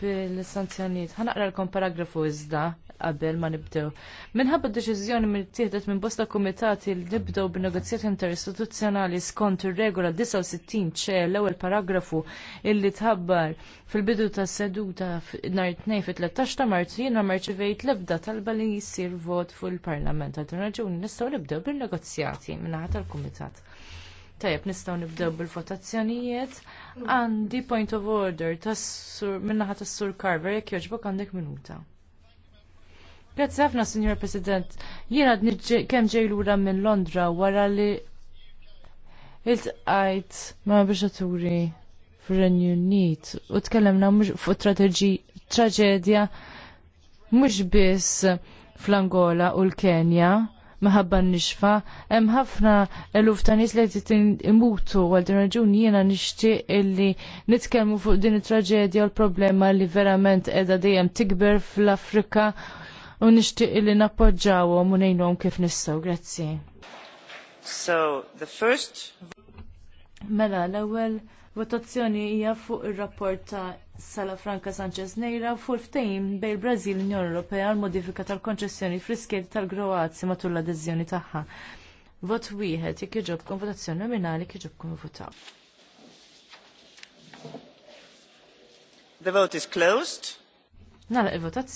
bil-sanzjoniet. Ħanaqra l-kom paragrafu iżda qabel ma nibdew. Minħabba deċiżjoni tieħdet minn bosta kumitati li nibdew b'negozjat interistituzzjonali skont ir-regola 69 ċe l-ewwel paragrafu illi tħabbar fil-bidu ta' seduta nhar tnejn fit-13 ta' Marzu jiena marċivejt l-ebda talba li jsir vot fuq il-Parlament. Għal raġuni nistgħu nibdew bin negozjati min-naħa tal-Kumitat. Tajab, nistgħu nibdew bil-votazzjonijiet. Għandi point of order tas-sur tas-sur Carver jekk jogħġbok għandek minuta. Grazzi ħafna, Signor President. Jiena kemm ġej lura minn Londra wara li iltqajt ma' biexaturi fir-Renju Unit u tkellemna fuq traġedja mhux biss fl-Angola u l-Kenja maħabba nixfa, hemm ħafna eluf ta' nies li qed imutu għal din raġuni jiena nixtieq illi nitkellmu fuq din it-traġedja u l-problema li verament qiegħda dejjem tikber fl-Afrika u nixtieq illi nappoġġawhom u ngħinhom kif nistgħu. Grazzi. So, the first Mela, l-ewwel votazzjoni hija fuq ir-rapport ta' Franca Sanchez Neira fuq ftehim bejn il-Brażil l-Unjoni Ewropea għal modifika tal-konċessjoni fl-iskeda tal-Kroazja matul l-adeżjoni tagħha. Vot wieħed jekk iġobkom votazzjoni nominali kif iġobkom votaw. The vote is closed. Nara il-votazzjoni.